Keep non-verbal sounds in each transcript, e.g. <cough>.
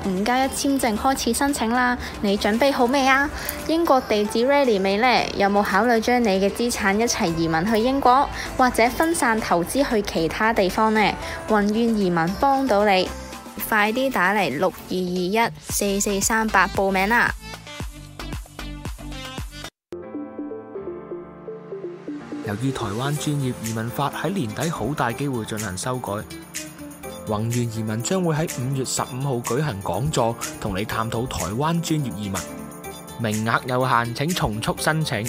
五加一簽證開始申請啦，你準備好未啊？英國地址 ready 未呢？有冇考慮將你嘅資產一齊移民去英國，或者分散投資去其他地方呢？宏願移民幫到你，快啲打嚟六二二一四四三八報名啦！由於台灣專業移民法喺年底好大機會進行修改。宏源移民將會喺五月十五號舉行講座，同你探討台灣專業移民，名額有限，請從速申請，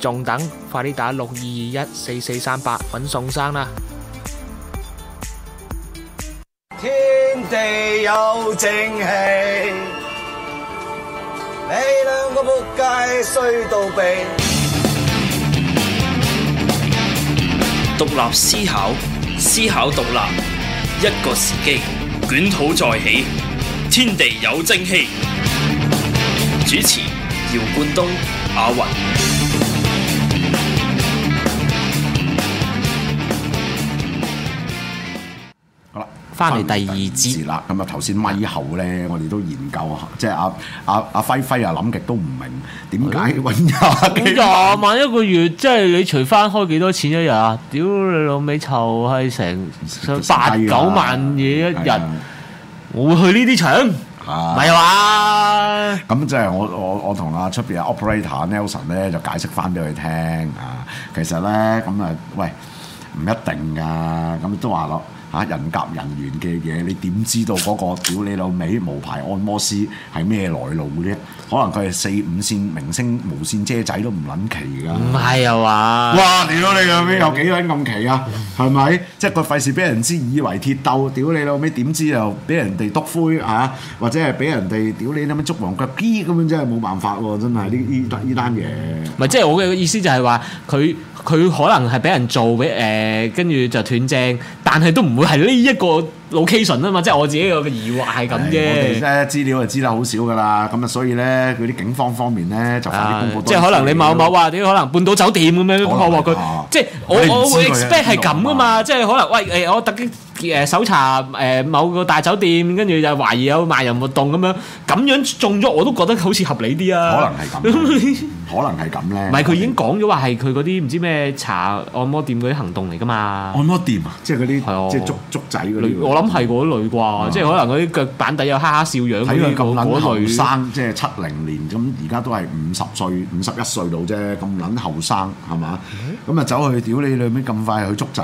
仲等快啲打六二二一四四三八搵宋生啦！天地有正氣，你兩個仆街衰到痹！獨立思考，思考獨立。一個時機，捲土再起，天地友政氣。主持：姚冠東、阿云。翻嚟第二節啦，咁啊頭先咪後咧，我哋都研究，即係阿阿阿輝輝啊，諗極都唔明點解揾廿幾廿萬 <laughs> 一個月，即係你除翻開幾多錢一日啊？屌你老尾，湊係成八九萬嘢一日，嗯嗯嗯嗯嗯、我會去呢啲場，係嘛、啊？咁、嗯、即係我我我同阿出邊阿 operator Nelson 咧就解釋翻俾佢聽啊，其實咧咁啊，喂，唔一定噶，咁都話咯。嚇，人夾人緣嘅嘢，你點知道嗰個屌你老味無牌按摩師係咩來路嘅咧？可能佢係四五線明星無線姐仔都唔撚奇㗎。唔係啊嘛！哇！屌你老味有幾撚咁奇啊？係咪？即係佢費事俾人知以為鐵鬥，屌你老味點知又俾人哋篤灰嚇、啊，或者係俾人哋屌你諗乜捉黃腳雞咁樣，真係冇辦法喎！真係呢呢呢單嘢。咪，唔係，即係我嘅意思就係話佢。佢可能係畀人做畀誒，跟住就斷正，但係都唔會係呢一個。location 啊嘛，即係我自己有個疑惑係咁嘅。我哋咧資料就知得好少㗎啦，咁啊所以咧佢啲警方方面咧就快啲公布。即係可能你某某話點可能半島酒店咁樣破獲佢，即係我我會 expect 係咁㗎嘛。即係可能喂我特登搜查誒某個大酒店，跟住就懷疑有賣淫活動咁樣，咁樣中咗我都覺得好似合理啲啊。可能係咁，可能係咁咧。唔係佢已經講咗話係佢嗰啲唔知咩查按摩店嗰啲行動嚟㗎嘛？按摩店啊，即係嗰啲即係捉捉仔嗰啲。咁係嗰類啩， <music> 即係可能嗰啲腳板底有哈哈笑，笑樣。睇佢咁撚後生，即係七零年，咁而家都係五十歲、五十一歲到啫，咁撚後生係嘛？咁啊走去屌你兩邊咁快去捉仔，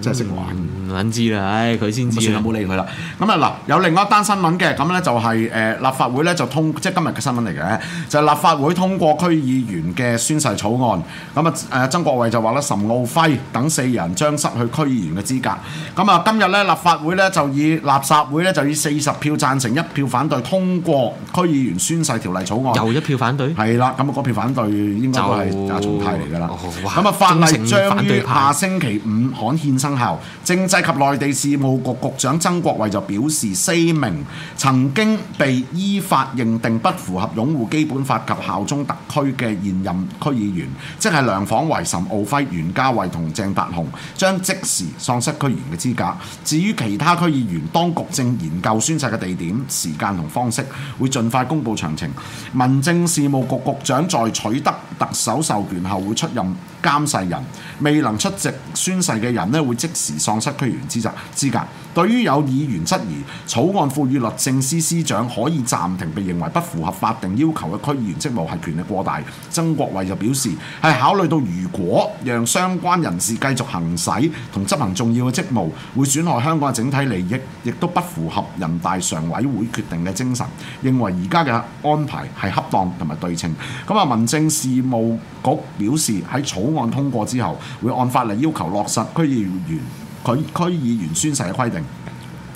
真係識玩。撚、嗯嗯嗯、知啦，唉、哎，佢先知。唔好理佢啦。咁啊嗱，有另外一單新聞嘅，咁咧就係、是、誒、呃、立法會咧就通，即係今日嘅新聞嚟嘅，就係、是、立法會通過區議員嘅宣誓草案。咁啊誒曾國衛就話咧，岑敖暉等四人將失去區議員嘅資格。咁啊今日咧立法會咧，就以垃圾會咧，就以四十票贊成一票反對通過區議員宣誓條例草案，又一票反對，係啦，咁、那、嗰、個、票反對應該都係就松泰嚟噶啦。咁啊、哦，法例將於下星期五刊憲生效。政制及內地事務局局，局長曾國衛就表示，四名曾經被依法認定不符合擁護基本法及效忠特區嘅現任區議員，即係梁晃維、岑敖暉、袁嘉蔚同鄭達鴻，將即時喪失區議員嘅資格。至於其他區議員當局正研究宣誓嘅地點、時間同方式，會盡快公布詳情。民政事務局局長在取得特首授權後，會出任監誓人。未能出席宣誓嘅人咧，會即時喪失區議員資格資格。對於有議員質疑草案賦予律政司司長可以暫停被認為不符合法定要求嘅區議員職務係權力過大，曾國衛就表示係考慮到如果讓相關人士繼續行使同執行重要嘅職務，會損害香港嘅整體利益，亦都不符合人大常委會決定嘅精神，認為而家嘅安排係恰當同埋對稱。咁啊，民政事務局表示喺草案通過之後，會按法例要求落實區議員。佢區議員宣誓嘅規定，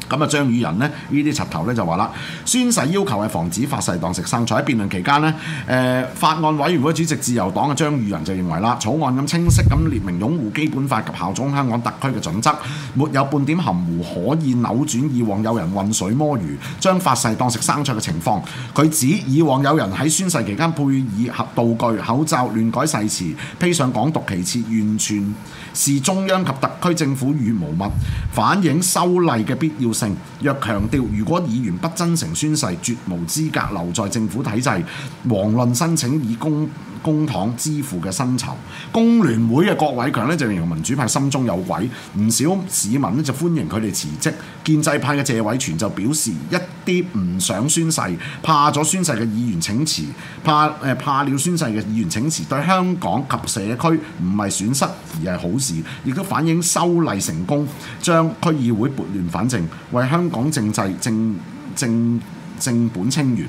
咁啊張宇人呢，呢啲插頭呢就話啦，宣誓要求係防止發誓當食生菜。喺辯論期間呢，誒、呃、法案委員會主席自由黨嘅張宇人就認為啦，草案咁清晰咁列明擁護基本法及效忠香港特區嘅準則，沒有半點含糊，可以扭轉以往有人混水摸魚，將發誓當食生菜嘅情況。佢指以往有人喺宣誓期間配以合道具、口罩，亂改誓詞，披上港獨旗幟，完全。是中央及特區政府與無物，反映修例嘅必要性。若強調，如果議員不真誠宣誓，絕無資格留在政府體制，遑論申請以公。公帑支付嘅薪酬，工聯會嘅郭偉強呢就形容民主派心中有鬼，唔少市民呢就歡迎佢哋辭職。建制派嘅謝偉全就表示一啲唔想宣誓，怕咗宣誓嘅議員請辭，怕誒，怕了宣誓嘅議員請辭，對香港及社區唔係損失而係好事，亦都反映修例成功，將區議會撥亂反正，為香港政制正正正本清源。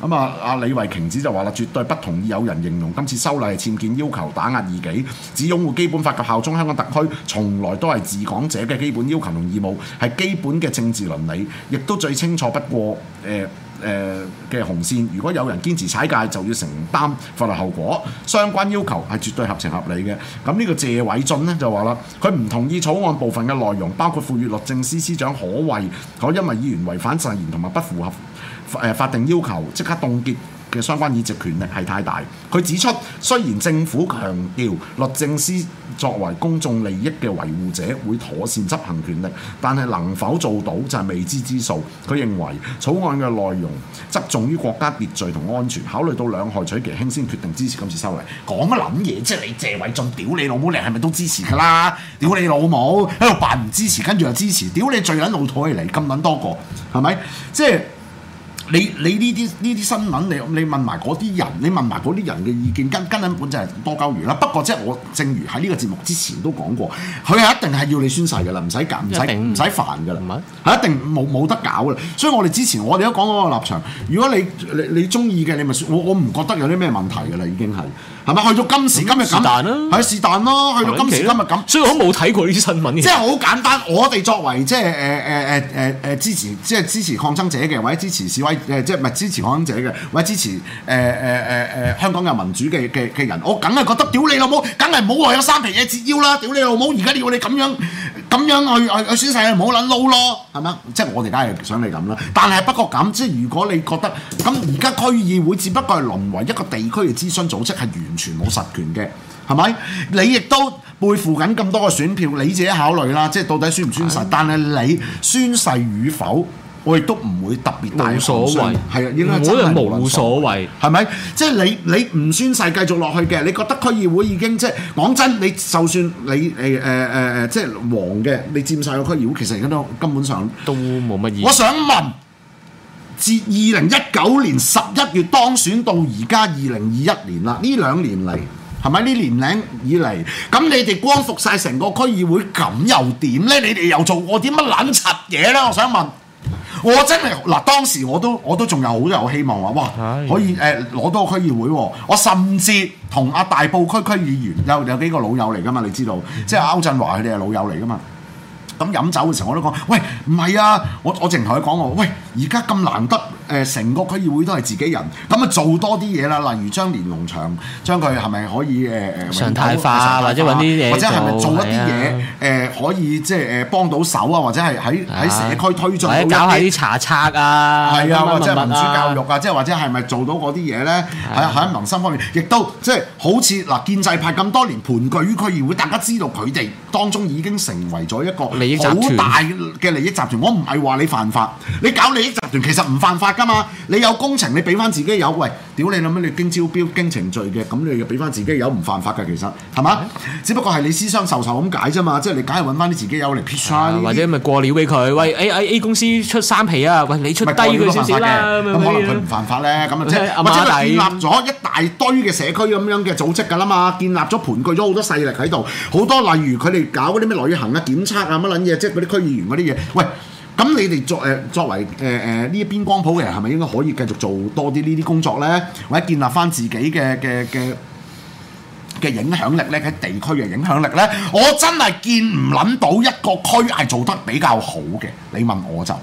咁啊，阿李慧瓊指就話啦，絕對不同意有人形容今次修例係僭建，要求打壓異己，只擁護基本法及效忠香港特區，從來都係治港者嘅基本要求同義務，係基本嘅政治倫理，亦都最清楚不過，誒誒嘅紅線。如果有人堅持踩界，就要承擔法律後果。相關要求係絕對合情合理嘅。咁呢個謝偉俊呢，就話啦，佢唔同意草案部分嘅內容，包括賦予律政司司長可為可因為議員違反誓言同埋不符合。法定要求即刻凍結嘅相關議席權力係太大。佢指出，雖然政府強調律政司作為公眾利益嘅維護者會妥善執行權力，但係能否做到就係未知之數。佢認為草案嘅內容側重於國家秩序同安全，考慮到兩害取其輕，先決定支持今次修例。講乜撚嘢？即係你謝偉俊屌，嗯、屌你老母，你係咪都支持㗎啦？屌你老母，喺度扮唔支持，跟住又支持，屌你最撚老土嚟，咁撚多個係咪？即係。你你呢啲呢啲新聞，你你問埋嗰啲人，你問埋嗰啲人嘅意見，根根本就係多鳩餘啦。不過即係我正如喺呢個節目之前都講過，佢係一定係要你宣誓㗎喇，唔使唔使唔使煩㗎喇，係一定冇冇是得搞啦。所以我哋之前我哋都講嗰個立場，如果你你你中意嘅，你咪我我唔覺得有啲咩問題㗎喇，已經係。係咪去到今時今日咁？係是但咯，是但咯，去到今時今日咁。所以我冇睇過呢啲新聞即係好簡單，我哋作為即係誒誒誒誒誒支持即係、呃、支持抗爭者嘅，或者支持示威誒即係唔係支持抗爭者嘅，或者支持誒誒誒誒香港嘅民主嘅嘅嘅人，我梗係覺得屌你老母，梗係冇話有三皮嘢折腰啦！屌你老母，而家你要你咁樣咁樣去去去宣誓，唔好撚撈咯，係咪？即係我哋梗係想你咁啦。但係不過咁，即係如果你覺得咁而家區議會只不過係淪為一個地區嘅諮詢組織係完全冇實權嘅，係咪？你亦都背負緊咁多個選票，你自己考慮啦。即係到底宣唔宣誓？唉但係你宣誓與否，我亦都唔會特別大所謂。係啊，應該真係冇所謂。係咪？即係你你唔宣誓繼續落去嘅，你覺得區議會已經即係講真，你就算你誒誒誒誒即係黃嘅，你佔晒個區議會，其實而家都根本上都冇乜意義。我想問。自二零一九年十一月當選到而家二零二一年啦，呢兩年嚟係咪呢年齡以嚟？咁你哋光復晒成個區議會咁又點呢？你哋又做過啲乜撚柒嘢呢？我想問，我真係嗱，當時我都我都仲有好多有希望話，哇，可以誒攞、呃、到個區議會啊。我甚至同阿大埔區區議員有有幾個老友嚟噶嘛？你知道，即係歐振華佢哋係老友嚟噶嘛？咁飲酒嘅時候我都講，喂，唔係啊，我我淨係同佢講我，喂，而家咁難得。誒成個區議會都係自己人，咁啊做多啲嘢啦，例如將連儂牆，將佢係咪可以誒誒常態化，態化或者揾啲嘢，或者係咪做一啲嘢誒，可以即係誒幫到手啊，或者係喺喺社區推進，或者搞下啲查冊啊，係啊，即係民主教育啊，即係或者係咪做到嗰啲嘢咧？喺喺民生方面，亦都即係、即係、好似嗱建制派咁多年盤踞於區議會，大家知道佢哋當中已經成為咗一個好大嘅利益集團。我唔係話你犯法，你搞利益集團其實唔犯法。你有工程你俾翻自己有，喂，屌你諗乜？你經招標經程序嘅，咁你又俾翻自己有唔犯法嘅其實，係嘛？的只不過係你私相授受咁解啫嘛，即係你梗係揾翻啲自己有嚟撇曬。或者咪過料俾佢，喂 A, A A 公司出三皮啊，喂你出低佢少少嘅，咁可能佢唔犯法呢。咁啊、就是，的或者建立咗一大堆嘅社區咁樣嘅組織㗎啦嘛，建立咗盤踞咗好多勢力喺度，好多例如佢哋搞嗰啲咩旅行啊、檢測啊乜撚嘢，即係嗰啲區議員嗰啲嘢，喂。咁你哋作誒作為誒誒呢一邊光譜嘅人，係咪應該可以繼續做多啲呢啲工作咧，或者建立翻自己嘅嘅嘅嘅影響力咧？喺地區嘅影響力咧，我真係見唔諗到一個區係做得比較好嘅。你問我就，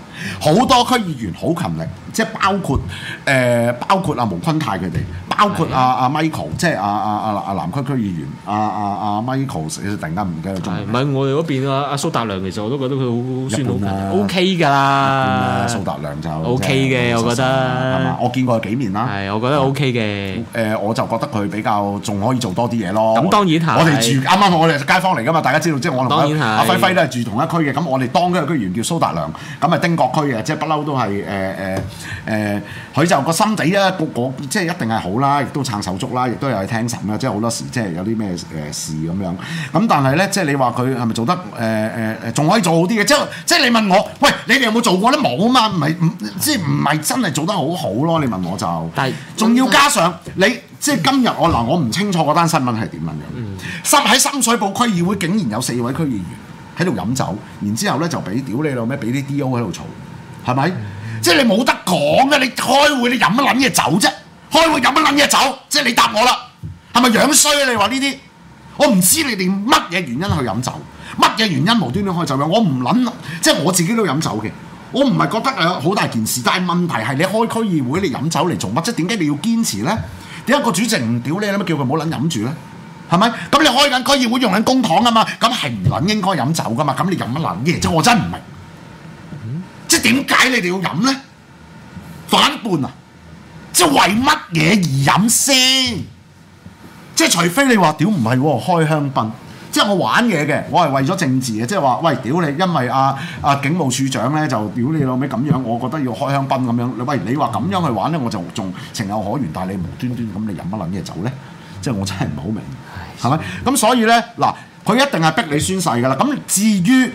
好多區議員好勤力，即係包括誒，包括阿毛坤泰佢哋，包括阿阿 Michael，即係阿阿阿阿南區區議員，阿阿阿 Michael 突然間唔記得做。唔係我哋嗰邊啊，阿蘇達良其實我都覺得佢好，算好 OK 噶啦。蘇達良就 OK 嘅，我覺得。我見過幾面啦。係，我覺得 OK 嘅。誒，我就覺得佢比較仲可以做多啲嘢咯。咁當然我哋住啱啱，我哋係街坊嚟㗎嘛，大家知道，即係我同然。阿輝輝都係住同一區嘅。咁我哋當區區議員叫蘇達良，咁啊丁國區嘅，即係不嬲都係誒誒。誒，佢、呃、就個心底咧，個、個、個即係一定係好啦，亦都撐手足啦，亦都有去聽審啦，即係好多時即係有啲咩誒事咁樣。咁但係咧，即係你話佢係咪做得誒誒誒，仲、呃、可以做好啲嘅？即係即係你問我，喂，你哋有冇做過咧？冇啊嘛，唔係即係唔係真係做得好好咯？你問我就係，仲要加上你即係今日我嗱，我唔、呃、清楚嗰單新聞係點樣樣。嗯，喺深水埗區議會竟然有四位區議員喺度飲酒，然之後咧就俾屌你老咩，俾啲 DO 喺度嘈，係咪？即係你冇得講嘅，你開會你飲乜撚嘢酒啫？開會飲乜撚嘢酒？即係你答我啦，係咪樣衰啊？你話呢啲，我唔知你哋乜嘢原因去飲酒，乜嘢原因無端端開酒嘅？我唔撚，即係我自己都飲酒嘅，我唔係覺得係好大件事。但係問題係你開區議會，你飲酒嚟做乜啫？即係點解你要堅持咧？點解個主席唔屌你咧？叫佢唔好撚飲住咧？係咪？咁你開緊區議會，用緊公帑啊嘛？咁係唔撚應該飲酒噶嘛？咁你飲乜撚嘢？即我真唔明。即係點解你哋要飲咧？反叛啊！即係為乜嘢而飲先？即係除非你話屌唔係、哦、開香檳，即係我玩嘢嘅，我係為咗政治嘅，即係話喂屌你，因為啊，阿、啊、警務處長呢，就屌你老味咁樣，我覺得要開香檳咁樣。喂你喂你話咁樣去玩呢，我就仲情有可原，但係你無端端咁你飲乜撚嘢酒呢？即係我真係唔好明，係咪？咁 <laughs> 所以呢，嗱，佢一定係逼你宣誓噶啦。咁至於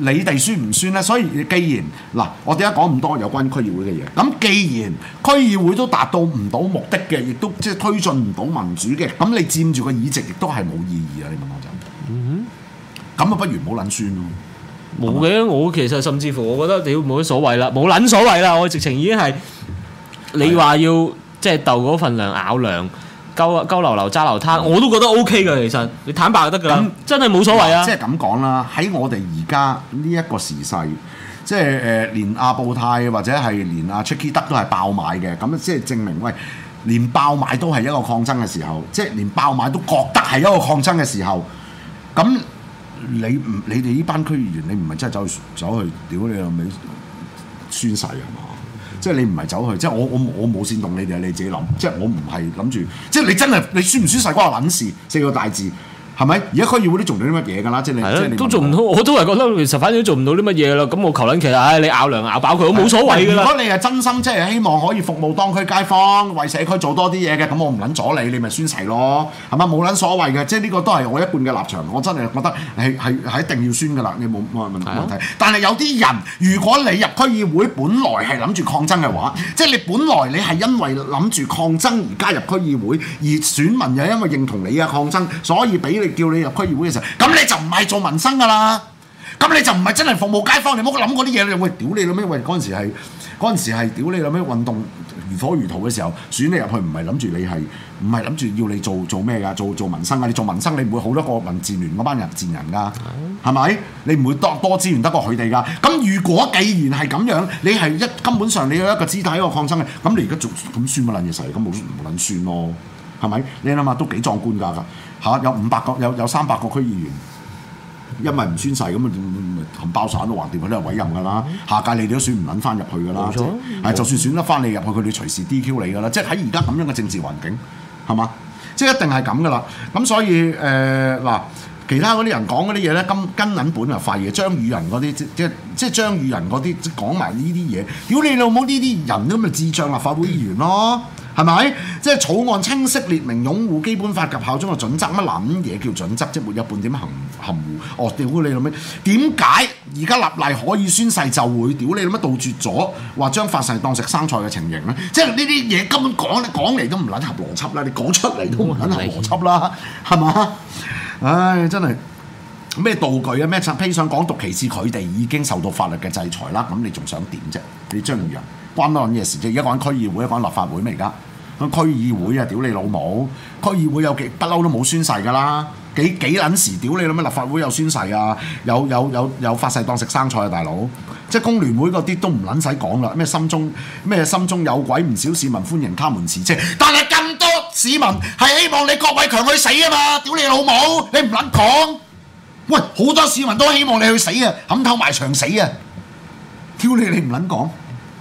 你哋算唔算咧？所以既然嗱，我哋而家講咁多有關區議會嘅嘢，咁既然區議會都達到唔到目的嘅，亦都即係推進唔到民主嘅，咁你佔住個議席亦都係冇意義啊！你問我、嗯、哼就，咁啊，不如冇撚算咯。冇嘅的，樣我其實甚至乎，我覺得你冇乜所謂啦，冇撚所謂啦，我直情已經係你話要即係鬥嗰份糧咬糧。咬交啊流流揸流攤，我都覺得 O K 嘅其實，你坦白就得噶啦，樣真係冇所謂啊！即係咁講啦，喺我哋而家呢一個時勢，即係誒、呃、連阿布泰或者係連阿 Tricky 德都係爆買嘅，咁即係證明喂，連爆買都係一個抗爭嘅時候，即係連爆買都覺得係一個抗爭嘅時候，咁你唔，你哋呢班區議員，你唔係真係走去走去屌你老尾宣誓係嘛？即係你唔係走去，即係我我我冇煽動你哋，啊，你自己諗。即係我唔係諗住，即係你真係你輸唔輸晒，關我撚事四個大字。係咪？而家區議會都做唔到啲乜嘢㗎啦？的即係你，都做唔到。我都係覺得，其實反正都做唔到啲乜嘢啦。咁我求撚，其實、哎、你咬糧咬飽佢，都冇的所謂。如果你係真心即係、就是、希望可以服務當區街坊，為社區做多啲嘢嘅，咁我唔撚阻你，你咪宣誓咯。係咪？冇撚所謂嘅，即係呢個都係我一半嘅立場。我真係覺得係係一定要宣㗎啦。你冇冇問，問題？的但係有啲人，如果你入區議會，本來係諗住抗爭嘅話，即係你本來你係因為諗住抗爭而加入區議會，而選民又因為認同你嘅抗爭，所以俾你。叫你入區議會嘅時候，咁你就唔係做民生噶啦，咁你就唔係真係服務街坊，你唔好諗啲嘢啦。我屌你啦咩？喂，為嗰陣時係嗰時係屌你啦咩？運動如火如荼嘅時候，選你入去唔係諗住你係唔係諗住要你做做咩噶？做做，做民生噶？你做民生你唔會好多個民建聯嗰班人賤人噶，係咪？嗯？你唔會多多資源得過佢哋噶？咁如果既然係咁樣，你係一根本上你有一個姿態喺個抗爭嘅，咁你而家仲咁算乜撚嘢？實係咁冇冇撚算咯？係咪？你諗下都幾壯觀㗎㗎～嚇、啊、有五百個，有有三百個區議員，因為唔宣誓咁咪冚包散都橫掂，佢都係委任噶啦。嗯、下屆你哋都選唔撚翻入去噶，即、啊、就算選得翻你入去，佢哋隨時 DQ 你噶啦。即係喺而家咁樣嘅政治環境，係嘛？即係一定係咁噶啦。咁所以誒嗱、呃，其他嗰啲人講嗰啲嘢咧，根根撚本啊廢嘢。張宇人嗰啲即即即張宇人嗰啲講埋呢啲嘢，屌你老母呢啲人咁咪智障立法會議員咯。嗯。係咪？即係草案清晰列明擁護基本法及，法及效忠嘅準則，乜撚嘢叫準則？即係沒有半點含含糊。哦，屌你老味！點解而家立例可以宣誓就會屌你老味？杜絕咗話將發誓當食生菜嘅情形咧？即係呢啲嘢根本講講嚟都唔撚合邏輯啦！你講出嚟都唔撚合邏輯啦，係嘛？唉，真係。咩道具啊？咩想披上港獨旗幟，佢哋已經受到法律嘅制裁啦！咁你仲想點啫？你張龍陽關多撚嘢事啫，啊？而家講區議會，而家講立法會咩而家？區議會啊！屌你老母！區議會有幾不嬲都冇宣誓噶啦！幾幾撚時？屌你啦！咩立法會有宣誓啊？有有有有發誓當食生菜啊！大佬！即係工聯會嗰啲都唔撚使講啦！咩心中咩心中有鬼？唔少市民歡迎他們辭職，即但係更多市民係希望你郭偉強去死啊嘛！屌你老母！你唔撚講？喂，好多市民都希望你去死啊，冚透 <noise> 埋牆死啊，挑你你唔撚講，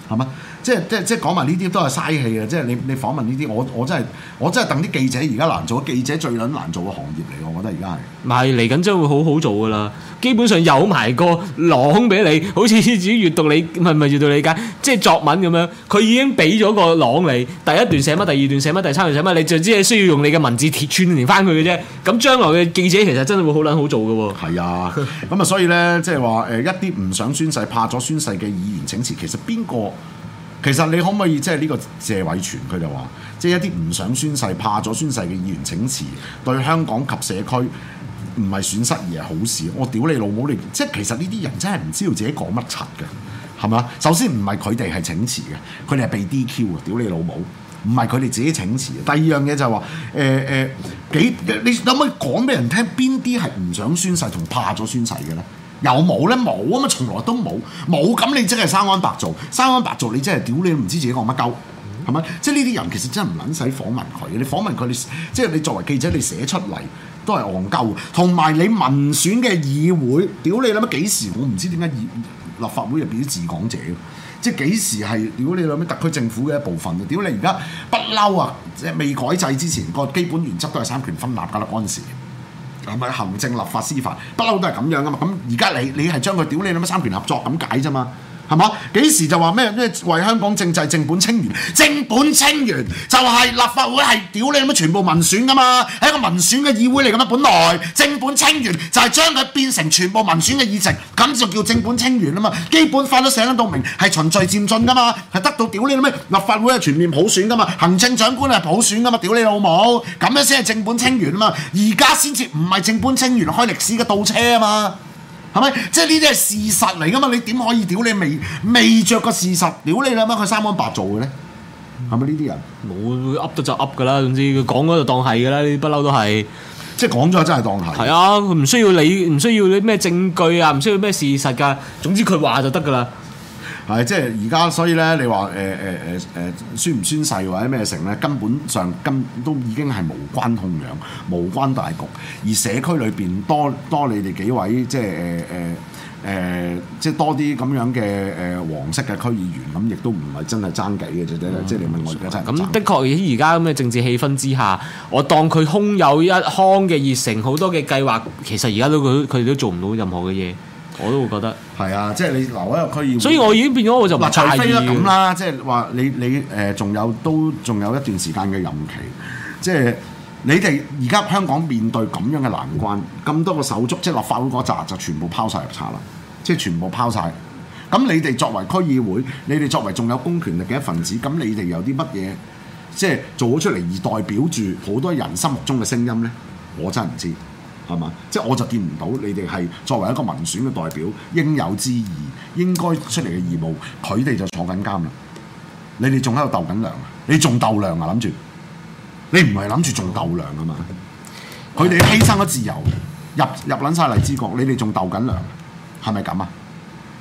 係嘛？即係即係即係講埋呢啲都係嘥氣嘅，即係你你訪問呢啲，我我真係我真係等啲記者而家難做，記者最撚難做嘅行業嚟，我覺得而家係。唔係嚟緊將會好好做噶啦，基本上有埋個籠俾你，好似只閱讀理解，唔係唔係閱讀理解，即係作文咁樣，佢已經俾咗個籠你，第一段寫乜，第二段寫乜，第三段寫乜，你就只係需要用你嘅文字鐵串連翻佢嘅啫。咁將來嘅記者其實真係會好撚好做嘅喎。係啊，咁啊，所以咧，即係話誒，一啲唔想宣誓、怕咗宣誓嘅議員請辭，其實邊個？其實你可唔可以即係呢個謝偉銓佢就話，即係一啲唔想宣誓、怕咗宣誓嘅議員請辭，對香港及社區唔係損失而係好事。我屌你老母！你即係其實呢啲人真係唔知道自己講乜柒嘅，係咪？首先唔係佢哋係請辭嘅，佢哋係被 DQ 啊！屌你老母！唔係佢哋自己請辭嘅。第二樣嘢就係話，誒、呃、誒、呃、幾，你可唔可以講俾人聽邊啲係唔想宣誓同怕咗宣誓嘅咧？又有冇咧？冇啊！嘛，從來都冇，冇咁你真係生安白造，生安白造你真係屌你唔知自己講乜鳩，係咪？即係呢啲人其實真係唔撚使訪問佢，你訪問佢你即係你作為記者你寫出嚟都係戇鳩，同埋你民選嘅議會，屌你諗乜幾時？我唔知點解立法會入邊啲治港者，即係幾時係屌你諗乜特區政府嘅一部分啊？屌你而家不嬲啊！未改制之前個基本原則都係三權分立㗎啦，嗰陣時。行政、立法、司法，不嬲都係咁樣噶嘛？咁而家你你係將佢屌你諗乜三權合作咁解啫嘛？係咪？幾時就話咩為香港政制正本清源？正本清源就係立法會係屌你咁樣全部民選㗎嘛，係一個民選嘅議會嚟㗎嘛，本來正本清源就係將佢變成全部民選嘅議席，咁就叫正本清源啦嘛。基本法都寫得到明，係循序漸進㗎嘛，係得到屌你咁樣立法會係全面普選㗎嘛，行政長官係普選㗎嘛，屌你老母，咁樣先係正本清源啊嘛。而家先至唔係正本清源，開歷史嘅倒車啊嘛。係咪？即係呢啲係事實嚟噶嘛？你點可以屌你未未著個事實屌你啦？乜佢三安白做嘅咧？係咪呢啲人？冇，噏都就噏噶啦，總之佢講嗰度當係噶啦，不嬲都係。即係講咗真係當係。係啊，佢唔需要你，唔需要你咩證據啊，唔需要咩事實噶啊，總之佢話就得噶啦。係，即係而家，所以咧，你話誒誒誒誒宣唔宣誓或者咩城咧，根本上根本都已經係無關痛癢、無關大局。而社區裏邊多多你哋幾位，即係誒誒誒，即係多啲咁樣嘅誒、呃、黃色嘅區議員，咁亦都唔係真係爭計嘅啫。即係你問我真，界爭？咁的確，而家咁嘅政治氣氛之下，我當佢空有一腔嘅熱誠，好多嘅計劃，其實而家都佢佢都做唔到任何嘅嘢。我都會覺得係啊，即係你留喺個區議會，所以我已經變咗我就。陳嘉輝咁啦，即係話你你誒仲、呃、有都仲有一段時間嘅任期，即係你哋而家香港面對咁樣嘅難關，咁多個手足，即係立法會嗰扎就全部拋晒入冊啦，即係全部拋晒。咁你哋作為區議會，你哋作為仲有公權力嘅一份子，咁你哋有啲乜嘢即係做咗出嚟而代表住好多人心目中嘅聲音咧？我真係唔知。係嘛？即係我就見唔到你哋係作為一個民選嘅代表應有之義，應該出嚟嘅義務，佢哋就坐緊監啦。你哋仲喺度鬥緊糧啊？你仲鬥糧啊？諗住？你唔係諗住仲鬥糧啊嘛？佢哋犧牲咗自由，入入撚晒荔枝角，你哋仲鬥緊糧，係咪咁啊？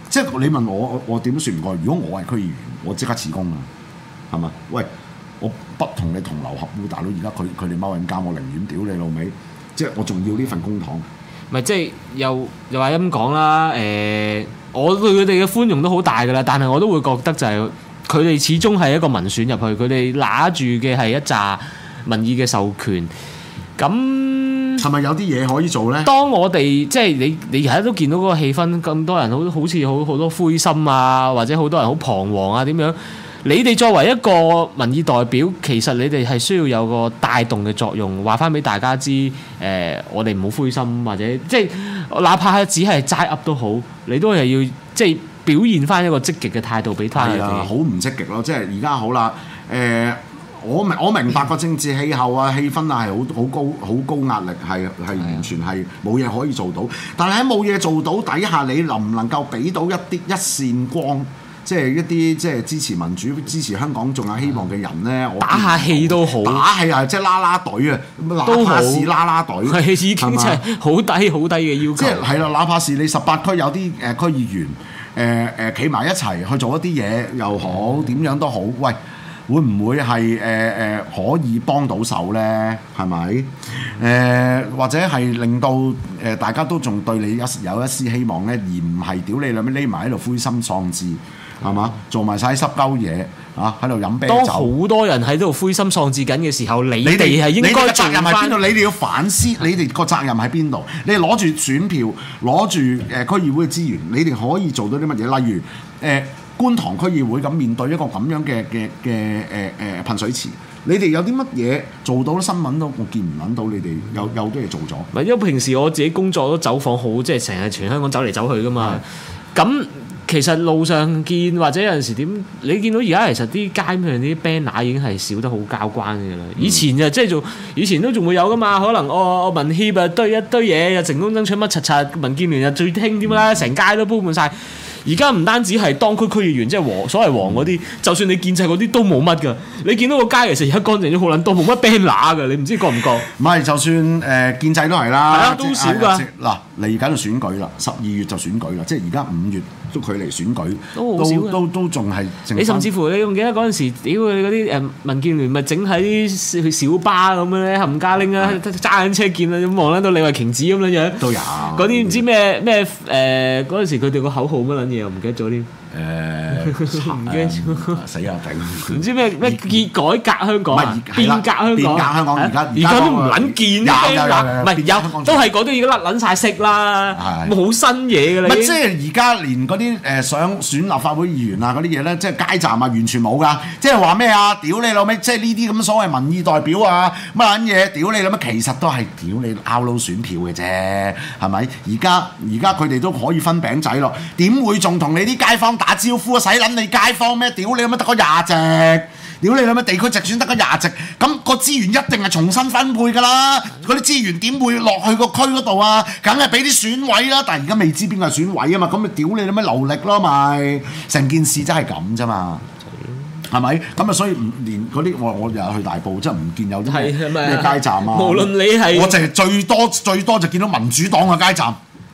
即係你問我，我點都説唔過。如果我係區議員，我即刻辭工啊！係嘛？喂，我不同你同流合污，大佬而家佢佢哋踎緊監，我寧願屌你老味。即係我仲要呢份公帑，唔係即係又又話咁講啦。誒、呃，我對佢哋嘅寬容都好大㗎啦，但係我都會覺得就係佢哋始終係一個民選入去，佢哋揦住嘅係一紮民意嘅授權。咁係咪有啲嘢可以做呢？當我哋即係你，你而家都見到嗰個氣氛，咁多人好好似好好多灰心啊，或者好多人好彷徨啊，點樣？你哋作為一個民意代表，其實你哋係需要有個帶動嘅作用，話翻俾大家知，誒、呃，我哋唔好灰心，或者即係哪怕只係齋 up 都好，你都係要即係表現翻一個積極嘅態度俾他人。係啊，好唔積極咯，即係而家好啦，誒、呃，我明我明白個政治氣候啊、氣氛啊係好好高好高壓力，係係完全係冇嘢可以做到。但係喺冇嘢做到底下，你能唔能夠俾到一啲一線光？即係一啲即係支持民主、支持香港仲有希望嘅人呢，我打下氣都氣喇喇好，打氣啊！即係拉拉隊啊，哪怕是拉拉隊，係已經真係好低、好低嘅要求。即係係啦，哪怕是你十八區有啲誒區議員誒誒企埋一齊去做一啲嘢又好，點樣都好。喂，會唔會係誒誒可以幫到手呢？係咪？誒、呃、或者係令到誒大家都仲對你一有一絲希望呢？而唔係屌你兩尾匿埋喺度灰心喪志。係嘛？做埋晒啲濕鳩嘢，嚇喺度飲啤酒。當好多人喺度灰心喪志緊嘅時候，你哋係們應該責任喺邊度？你哋要反思，嗯、你哋個責任喺邊度？你攞住選票，攞住誒區議會嘅資源，你哋可以做到啲乜嘢？例如誒、呃、觀塘區議會咁面對一個咁樣嘅嘅嘅誒誒噴水池，你哋有啲乜嘢做到咧？新聞都我見唔揾到你哋有有啲嘢做咗。嗱，因為平時我自己工作都走訪好，即係成日全香港走嚟走去噶嘛，咁的。對其實路上見，或者有陣時點，你見到而家其實啲街面啲 banner 已經係少得好交關嘅啦。以前就即係做以前都仲會有噶嘛。可能哦民協啊堆一堆嘢又成功爭取乜柒柒，民建聯又最興啲啦，成街都鋪滿晒。而家唔單止係當區區議員，即係所謂黃嗰啲，嗯、就算你建制嗰啲都冇乜噶。你見到個街其實而家乾淨咗好撚多，冇乜 banner 噶。Er, 你唔知覺唔覺？唔係就算誒、呃、建制都係啦，係啊都少㗎嗱，嚟緊就選舉啦，十二月就選舉啦，即係而家五月。距離選舉都都都仲係正，你甚至乎你仲記得嗰陣時，屌佢嗰啲誒民建聯咪整喺啲小巴咁樣咧，冚家拎啊揸緊唉車見啊，咁望撚到李慧瓊子咁樣嘢，都有嗰啲唔知咩咩誒嗰陣時佢哋個口號乜撚嘢，我唔記得咗添。誒死啊頂！唔知咩咩建改革香港啊？變革香港，變革香港而家而家都唔撚見啦！唔係有都係嗰啲已經甩撚曬色啦，冇新嘢嘅。你即係而家連嗰啲誒想選立法會議員啊嗰啲嘢咧，即係街站啊完全冇噶，即係話咩啊？屌你老味！即係呢啲咁所謂民意代表啊乜撚嘢？屌你老味！其實都係屌你咬老選票嘅啫，係咪？而家而家佢哋都可以分餅仔咯，點會仲同你啲街坊打打招呼啊！使諗你街坊咩？屌你咁啊得嗰廿席，屌你咁啊地區直選得嗰廿席，咁個資源一定係重新分配噶啦！嗰啲資源點會落去個區嗰度啊？梗係俾啲選委啦！但係而家未知邊個選委啊嘛，咁咪屌你咁啊留力咯咪？成件事真係咁咋嘛？係咪？咁啊所以唔連嗰啲我我又去大埔，真係唔見有啲咩咩街站啊！無論你係我淨係最多最多就見到民主黨嘅街站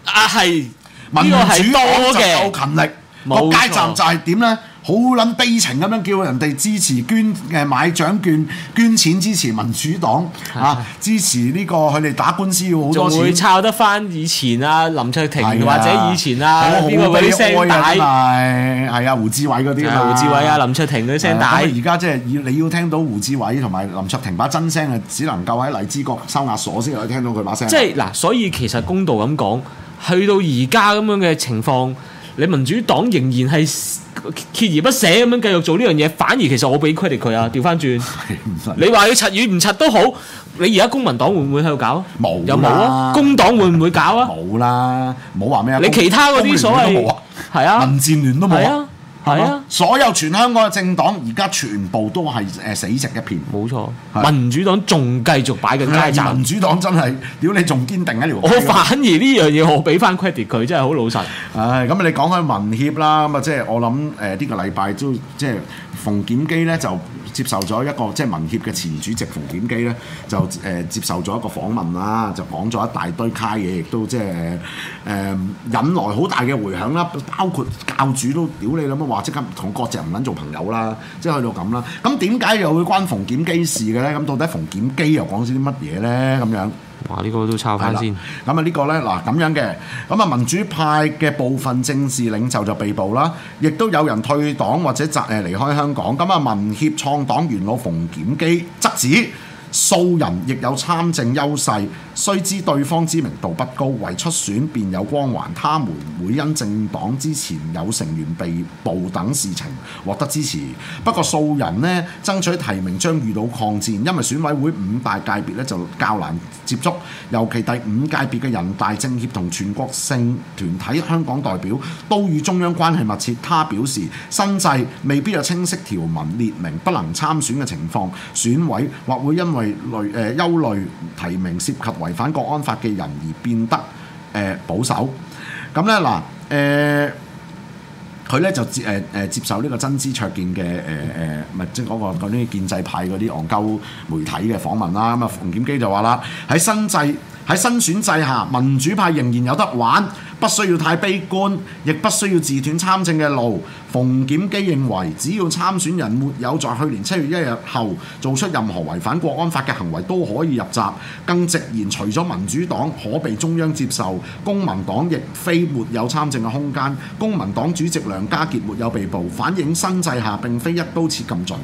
啊，係民主黨夠勤力。個街站就係點咧？好撚悲情咁樣叫人哋支持捐誒買獎券、捐錢支持民主黨啊，啊！支持呢、呢個佢哋打官司要好多錢。會抄得翻以前啊林卓廷、啊、或者以前啊邊個嘅聲大？係啊胡志偉嗰啲胡志偉啊林卓廷嗰啲聲大。而家即係要你要聽到胡志偉同埋林卓廷把真聲啊，聲只能夠喺荔枝角收押所先可以聽到佢把聲。即係嗱，所以其實公道咁講，去到而家咁樣嘅情況。 <music> 你民主黨仍然係鍥而不捨咁樣繼續做呢樣嘢，反而其實我俾 credit 佢啊，調翻轉。 <laughs> 是不是你話要拆與唔拆都好，你而家公民黨會唔會喺度搞？冇啦，有冇啊？工黨會唔會搞啊？冇啦，冇話咩啊？你其他嗰啲所謂係啊，啊民戰聯都冇啊。係咯，所有全香港嘅政黨而家全部都係誒、呃、死成一片，冇錯。是民主黨仲繼續擺緊街站，民主黨真係，屌你仲堅定一條。我反而呢樣嘢我俾翻 credit 佢，真係好老實。誒，咁你講開民協啦，咁啊，即係我諗誒呢個禮拜都即係馮檢基咧就。接受咗一個即係民協嘅前主席馮檢基咧，就誒、呃、接受咗一個訪問啦，就講咗一大堆卡嘢，亦都即係誒引來好大嘅迴響啦。包括教主都屌你咁啊，話即刻同郭靖唔撚做朋友啦，即係去到咁啦。咁點解又會關馮檢基事嘅咧？咁到底馮檢基又講咗啲乜嘢咧？咁樣？哇！呢、這個都抄翻先。咁、嗯、啊，呢、這個呢？嗱，咁樣嘅，咁、嗯、啊，民主派嘅部分政治領袖就被捕啦，亦都有人退黨或者集誒離開香港。咁、嗯、啊，民協創黨元老馮檢基則指，素人亦有參政優勢，雖知對方知名度不高，唯出選便有光環。他們會因政黨之前有成員被捕等事情獲得支持。不過素人咧爭取提名將遇到抗戰，因為選委會五大界別咧就較難接觸，尤其第五界別嘅人大政協同全國性團體香港代表都與中央關係密切。他表示新制未必有清晰條文列明不能參選嘅情況，選委或會因為係慮憂慮提名涉及違反國安法嘅人而變得、呃、保守，咁咧嗱誒，佢、呃、咧就接誒、呃、接受呢、這個真知灼見嘅誒誒，咪、呃、即係、那、嗰個嗰啲建制派嗰啲戇鳩媒體嘅訪問啦。咁、呃、啊，馮檢基就話啦：喺新制喺新選制下，民主派仍然有得玩，不需要太悲觀，亦不需要自斷參政嘅路。馮檢基認為，只要參選人沒有在去年七月一日後做出任何違反國安法嘅行為，都可以入閘。更直言，除咗民主黨可被中央接受，公民黨亦非沒有參政嘅空間。公民黨主席梁家傑沒有被捕，反映新制下並非一刀切咁盡。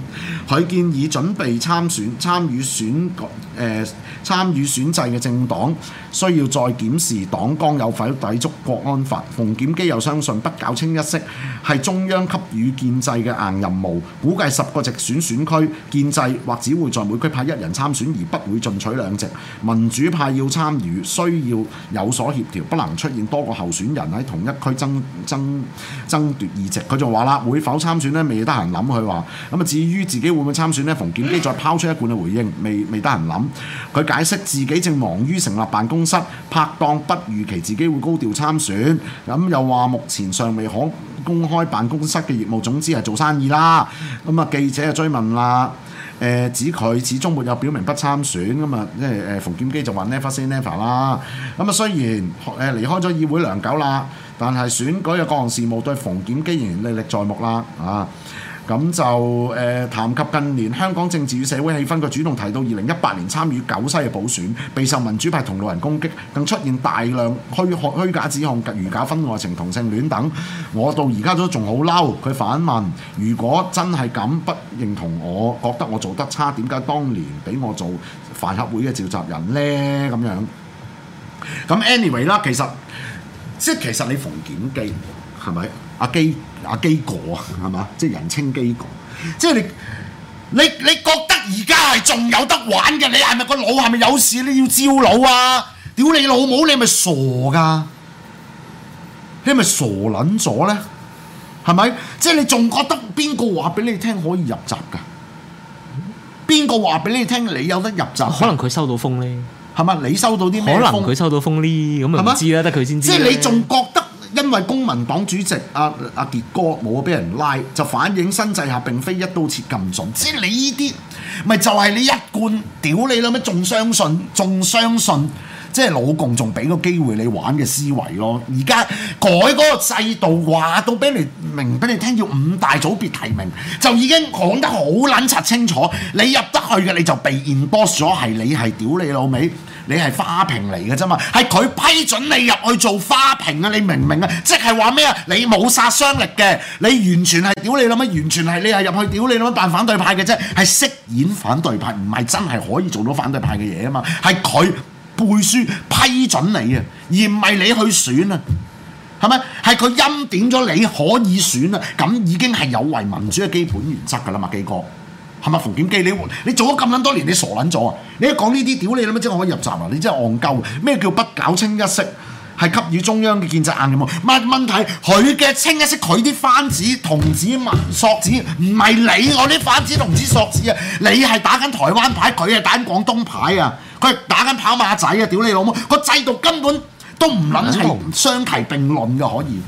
佢建議準備參選、參與選誒、呃、參與選制嘅政黨，需要再檢視黨綱有否抵觸國安法。馮檢基又相信，不搞清一色係中央。給予建制嘅硬任務，估計十個直選選區，建制或只會在每區派一人參選，而不會進取兩席。民主派要參與，需要有所協調，不能出現多個候選人喺同一區爭爭爭，爭奪議席。佢仲話啦，會否參選呢？未得閒諗佢話。咁啊，至於自己會唔會參選呢？馮檢基再拋出一貫嘅回應，未未得閒諗。佢解釋自己正忙於成立辦公室，拍檔不預期自己會高調參選。咁又話目前尚未可。公開辦公室嘅業務，總之係做生意啦。咁、嗯、啊，記者就追問啦。誒、呃，指佢始終沒有表明不參選咁啊，即係誒馮檢基就話 never say never 啦。咁、嗯、啊，雖然誒離、呃、開咗議會良久啦，但係選舉嘅各項事務對馮檢基仍然歷歷在目啦。啊！咁就誒、呃、談及近年香港政治與社會氣氛，佢主動提到二零一八年參與九西嘅補選，備受民主派同路人攻擊，更出現大量虛虛假指控，如假婚外情、同性戀等。我到而家都仲好嬲，佢反問：如果真係咁不認同我，我覺得我做得差，點解當年俾我做飯盒會嘅召集人呢？」咁樣。咁 anyway 啦，其實即其實你馮檢基係咪？阿、啊、基阿、啊、基哥啊，係嘛？即係人稱基哥，即係你你你覺得而家係仲有得玩嘅？你係咪個腦係咪有事？你要照腦啊！屌你老母！你係咪傻㗎？你係咪傻撚咗咧？係咪？即係你仲覺得邊個話俾你聽可以入閘㗎？邊個話俾你聽你有得入閘？可能佢收到風咧，係咪？你收到啲咩風？可能佢收到風呢？咁唔知啦，得佢先知。即係你仲覺得？因為公民黨主席阿阿、啊啊、傑哥冇俾人拉，就反映新制下並非一刀切咁準。即係你呢啲咪就係、是、你一貫屌你啦咩？仲相信？仲相信？即係老共仲俾個機會你玩嘅思維咯，而家改嗰個制度話到俾你明，俾你聽要五大組別提名，就已經講得好撚察清楚。你入得去嘅你就被 endorse 咗，係你係屌你老味，你係花瓶嚟嘅啫嘛，係佢批准你入去做花瓶啊！你明唔明啊？即係話咩啊？你冇殺傷力嘅，你完全係屌你老乜，完全係你係入去屌你老乜扮反對派嘅啫，係飾演反對派，唔係真係可以做到反對派嘅嘢啊嘛，係佢。背書批准你啊，而唔係你去選啊，係咪？係佢欽點咗你可以選啊，咁已經係有違民主嘅基本原則㗎啦嘛，基哥係咪？馮檢基，你你做咗咁撚多年，你傻撚咗啊？你一講呢啲屌你諗下，即係我可以入閘啊？你真係戇鳩啊！咩叫不搞清一色？係給予中央嘅建制硬嘅喎，問題佢嘅清一色，佢啲番子、童子、墨索子唔係你我啲番子、童子、索子啊！你係打緊台灣牌，佢係打緊廣東牌啊！佢係打緊跑馬仔啊！屌你老母，個制度根本都唔諗係唔相提並論嘅，可以。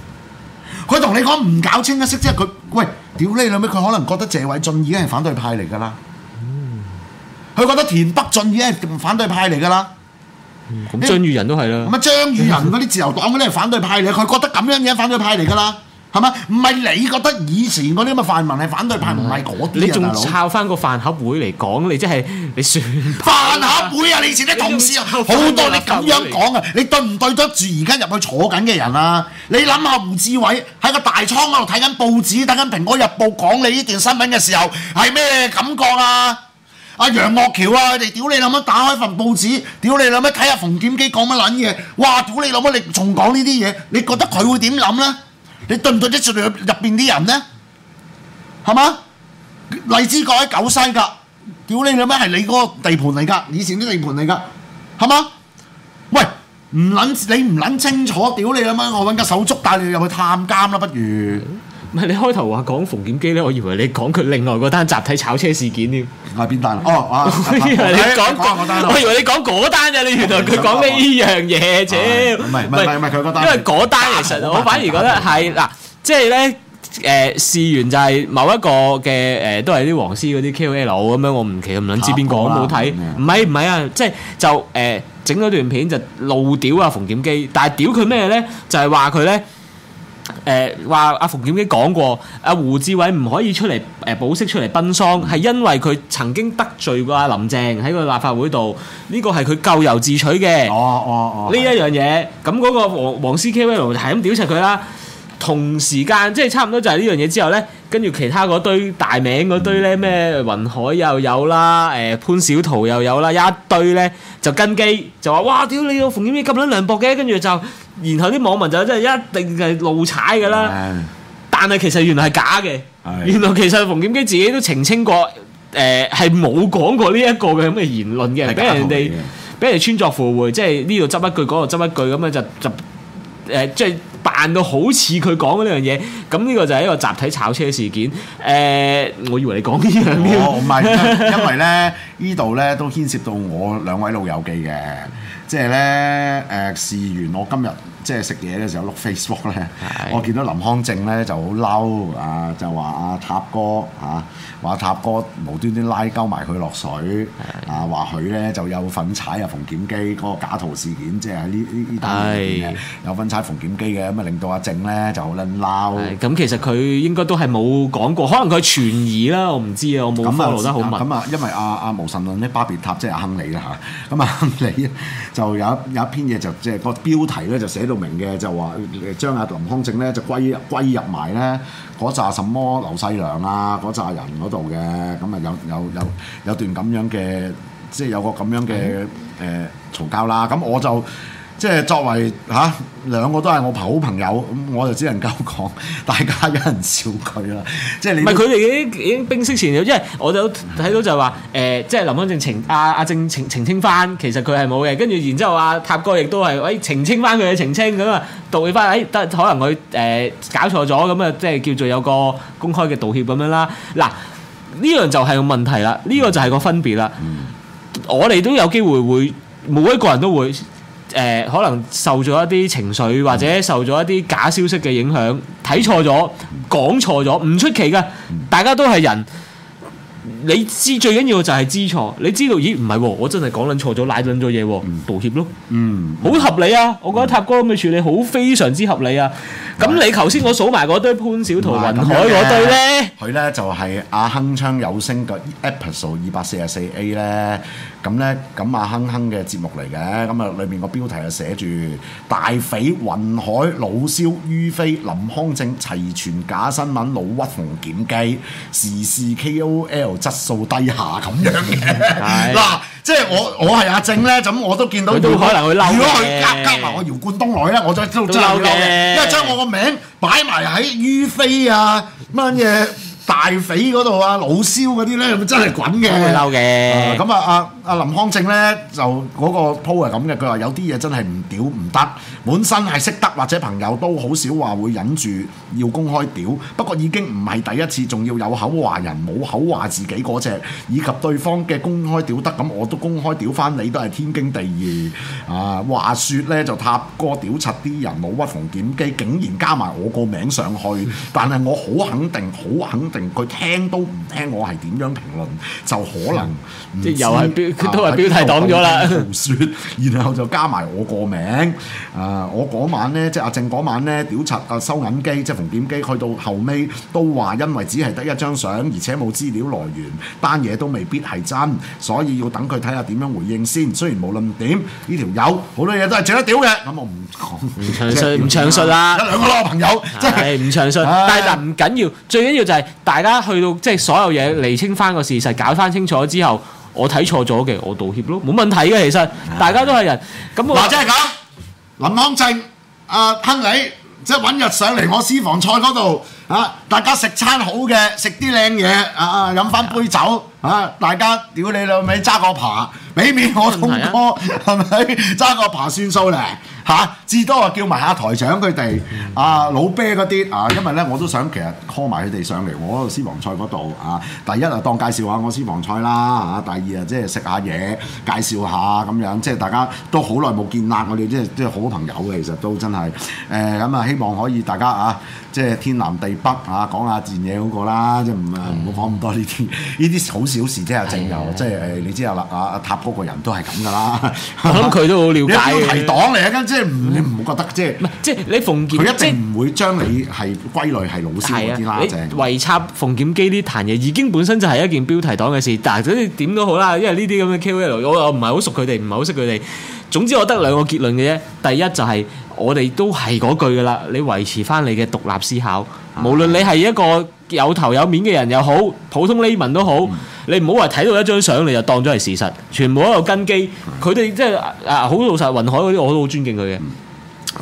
佢同、嗯、你講唔搞清一色，即係佢喂，屌你老母！佢可能覺得謝偉俊已經係反對派嚟㗎啦，佢、嗯、覺得田北俊已經係反對派嚟㗎啦。張宇人都係啦，咁啊張宇人嗰啲自由黨嗰啲係反對派嚟，佢覺得咁樣嘢反對派嚟噶啦，係咪？唔係你覺得以前嗰啲咁嘅泛民係反對派，唔係嗰啲你仲抄翻個飯盒會嚟講你、就是，真係你算飯、啊、盒會啊？你以前啲同事啊，好多你咁樣講啊！你對唔對得住而家入去坐緊嘅人啊？你諗下胡志偉喺個大倉嗰度睇緊報紙，等緊《蘋果日報》講你呢段新聞嘅時候係咩感覺啊？阿、啊、楊岳橋啊，佢哋屌你諗乜？打開份報紙，屌你諗乜？睇下馮檢基講乜撚嘢？哇！屌你諗乜？你仲講呢啲嘢？你覺得佢會點諗咧？你對唔對得住入邊啲人咧？係嘛？荔枝角喺九西噶，屌你諗乜，係你個地盤嚟㗎？以前啲地盤嚟㗎，係嘛？喂，唔撚你唔撚清楚？屌你諗乜？我揾個手足帶你入去探監啦，不如。唔係你開頭話講馮檢基咧，我以為你講佢另外嗰單集體炒車事件添，邊單啦。哦，我以為你講嗰單，我以為你講嗰單嘅，你原來佢講呢樣嘢，啫？唔係唔係唔係佢嗰單，因為嗰單其實我反而覺得係嗱，即係咧誒事源就係某一個嘅誒，都係啲黃絲嗰啲 KOL 咁樣，我唔奇唔諗知邊個冇睇，唔係唔係啊，即係就誒整咗段片就怒屌啊馮檢基，但係屌佢咩咧？就係話佢咧。.誒話阿馮檢基講過，阿、啊、胡志偉唔可以出嚟誒、呃、保釋出嚟奔喪，係因為佢曾經得罪過阿林鄭喺個立法會度，呢個係佢咎由自取嘅、哦。哦哦哦，呢一樣嘢，咁嗰個黃黃 C K W 就係咁屌柒佢啦。同時間即係差唔多，就係呢樣嘢之後咧，跟住其他嗰堆大名嗰堆咧，咩雲海又有啦，誒潘小濤又有啦，有一堆咧就跟機就話哇，屌你個馮檢基咁撚涼薄嘅，跟住就，然後啲網民就真係一定係怒踩㗎啦。但係其實原來係假嘅，是的 原來其實馮檢基自己都澄清過，誒係冇講過呢一個嘅咁嘅言論嘅，俾人哋俾人穿鑿附會，即係呢度執一句，嗰度執一句咁樣就就誒、呃、即係。即扮到好似佢講嘅呢樣嘢，咁呢個就係一個集體炒車事件。誒、呃，我以為你講呢樣嘢，我唔係， <laughs> 因為咧呢度咧都牽涉到我兩位老友記嘅，即係咧誒，事、呃、完我今日。即係食嘢嘅時候碌 Facebook 咧，我見到林匡正咧就好嬲啊，就話阿塔哥嚇，話塔哥無端端拉鳩埋佢落水，啊話佢咧就有份踩啊馮檢基嗰個假圖事件，即係呢呢單有份踩馮檢基嘅，咁咪令到阿正咧就撚嬲。咁其實佢應該都係冇講過，可能佢存疑啦，我唔知啊，我冇透得好咁啊，因為阿阿無神論咧，巴別塔即係亨利啦嚇。咁啊，亨利就有有一篇嘢就即係個標題咧就寫。到明嘅就話將阿林匡正咧就歸歸入埋咧嗰紮什麼劉細良啊嗰紮人嗰度嘅，咁啊有有有有段咁樣嘅，即係有個咁樣嘅誒，嘈交啦，咁我就。即係作為嚇、啊、兩個都係我好朋友，咁我就只能夠講，大家有人笑佢啦。即係你唔係佢哋已經已經冰釋前嫌，因為我就睇到就係話誒，即係林安正澄阿阿正澄澄清翻，其實佢係冇嘅。跟住然之後，後，阿、啊、塔哥亦都係誒澄清翻佢嘅澄清咁啊，道歉翻誒、哎，得可能佢誒、呃、搞錯咗咁啊，即係叫做有個公開嘅道歉咁樣啦。嗱，呢樣就係個問題啦，呢、這個就係個分別啦。我哋都有機會會每一個人都會。誒、呃、可能受咗一啲情緒，或者受咗一啲假消息嘅影響，睇錯咗，講錯咗，唔出奇嘅，大家都係人。你知最緊要就係知錯，你知道咦唔係喎，我真係講撚錯咗，賴撚咗嘢喎，嗯、道歉咯，嗯，好合理啊，嗯、我覺得塔哥咁嘅處理好非常之合理啊。咁、嗯、你頭先我數埋嗰堆潘小桃、嗯、雲海嗰堆呢？佢呢，呢就係、是、阿鏗鏘有聲嘅 Episode 二百四十四 A 呢。咁呢，咁阿鏗鏗嘅節目嚟嘅，咁啊裏面個標題就寫住大匪雲海老蕭於飛林康正齊全假新聞老屈馮檢基時事 KOL 質素低下咁樣嘅，嗱，即係我我係阿正咧，咁我都見到佢都可能會嬲嘅。如果佢加加埋我姚冠東來咧，我真都嬲嘅，因為將我個名擺埋喺於飛啊乜嘢。大匪嗰度啊，老蕭嗰啲咧，咁真係滾嘅。都嬲嘅。咁、嗯、啊，阿、嗯、阿、嗯嗯、林康正咧就嗰、那個 po 係咁嘅，佢話 <noise> 有啲嘢真係唔屌唔得，本身係識得或者朋友都好少話會忍住要公開屌，不過已經唔係第一次，仲要有口話人冇口話自己嗰隻，以及對方嘅公開屌得，咁、嗯、我都公開屌翻你都係天經地義啊，話說咧就塔哥屌柒啲人冇屈馮檢基竟然加埋我個名上去，但係我好肯定，好肯定。佢聽都唔聽，我係點樣評論就可能即係又係表都係標題黨咗啦。胡說，然後就加埋我個名啊！我嗰晚咧，即係阿正嗰晚咧，屌拆啊收銀機，即係馮點機，去到後尾都話，因為只係得一張相，而且冇資料來源，單嘢都未必係真，所以要等佢睇下點樣回應先。雖然無論點呢條友好多嘢都係值得屌嘅，咁我唔講唔詳述唔詳述啦。一兩個咯，朋友，即係唔詳述，但係嗱唔緊要，最緊要就係。大家去到即係所有嘢釐清翻個事實，搞翻清楚之後，我睇錯咗嘅，我道歉咯，冇問題嘅。其實大家都係人，咁嗱，真係㗎，林康正，阿、啊、亨利，即係揾日上嚟我私房菜嗰度。嚇、啊啊！大家食餐好嘅，食啲靚嘢啊！飲翻杯酒嚇！大家屌你老味揸個扒，俾面、啊、我東哥係咪？揸個扒算數咧嚇！至多啊叫埋下台長佢哋啊老啤嗰啲啊，因為咧我都想其實 call 埋佢哋上嚟，我嗰私房菜嗰度啊。第一啊當介紹下我私房菜啦嚇、啊。第二啊即係食下嘢，介紹下咁樣，即、就、係、是、大家都好耐冇見啦。我哋即係即係好朋友嘅，其實都真係誒咁啊！希望可以大家啊，即、就、係、是、天南地。北啊，講下啲嘢嗰個啦，即係唔唔好講咁多呢啲呢啲好小事啫、啊。阿正又即係你知有啦，阿塔高個人都係咁噶啦。我諗佢都好了解嘅。標題黨嚟啊，即係你唔好覺得即係即係你馮檢，佢一定唔會將你係歸類係老師嗰啲啦。你圍插馮檢基啲彈嘢已經本身就係一件標題黨嘅事，但係嗰啲點都好啦，因為呢啲咁嘅 KOL 我唔係好熟佢哋，唔係好識佢哋。總之我得兩個結論嘅啫，第一就係我哋都係嗰句噶啦，你維持翻你嘅獨立思考。無論你係一個有頭有面嘅人又好，普通 layman 都好，嗯、你唔好話睇到一張相你就當咗係事實，全部都有根基。佢哋即係啊，好老實，雲海嗰啲我都好尊敬佢嘅，嗯、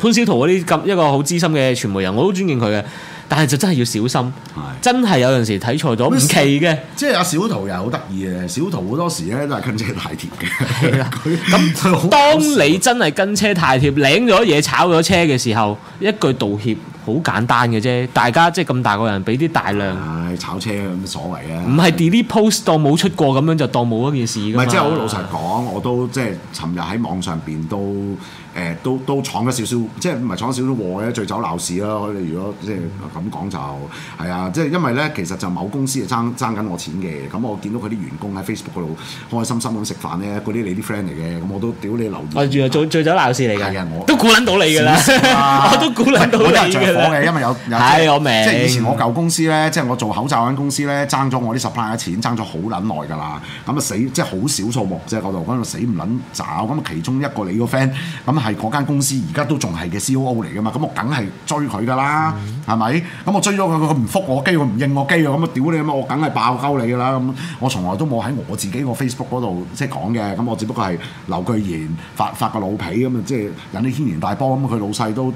潘小圖嗰啲咁一個好資深嘅傳媒人，我都尊敬佢嘅。但係就真係要小心，是的 真係有陣時睇錯咗唔是奇嘅。即係阿小濤又好得意嘅，小濤好多時咧都係跟車太貼嘅。咁的 <laughs> 他 當你真係跟車太貼，領咗嘢炒咗車嘅時候，一句道歉。好簡單嘅啫，大家即係咁大個人，俾啲大量。唉，炒車有乜所謂啊？唔係 delete post 當冇出過咁樣就當冇一件事。唔係即係好老實講，的我都即係尋日喺網上邊都誒、欸、都都闖咗少少，即係唔係闖咗少少禍咧？醉酒鬧事啦！你如果即係咁講就係啊，即係因為咧，其實就某公司係爭爭緊我錢嘅，咁我見到佢啲員工喺 Facebook 嗰度開心心咁食飯咧，嗰啲你啲 friend 嚟嘅，咁我都屌你流。我原來做醉酒鬧事嚟㗎對，我都估撚到你㗎啦， <laughs> 我都估撚到你嘅。 <laughs> <laughs> 我嘅， <laughs> 因為有有 <laughs> 即係以前我舊公司咧，即係我做口罩嗰間公司咧，爭咗我啲 supplier 嘅錢，爭咗好撚耐噶啦。咁啊死，即係好少數目，即係嗰度咁啊死唔撚找。咁啊其中一個你個 friend，咁係嗰間公司而家都仲係嘅 COO 嚟噶嘛。咁我梗係追佢噶啦，係咪、嗯？咁我追咗佢，佢唔復我機，佢唔應我機啊。咁啊屌你啊！我梗係爆鳩你噶啦。咁我從來都冇喺我自己個 Facebook 嗰度即係講嘅。咁我只不過係留句言，發發個老脾咁啊，即係引啲軒然大波。咁佢老細都。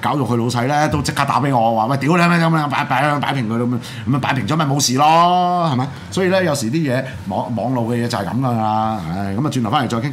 搞到佢老細呢都即刻打俾我話：屌你啦，咁樣擺，擺平佢，咁樣擺平咗咪冇事咯，係咪？所以呢有時啲嘢網網路嘅嘢就係咁㗎啦，係，咁啊轉頭返嚟再傾。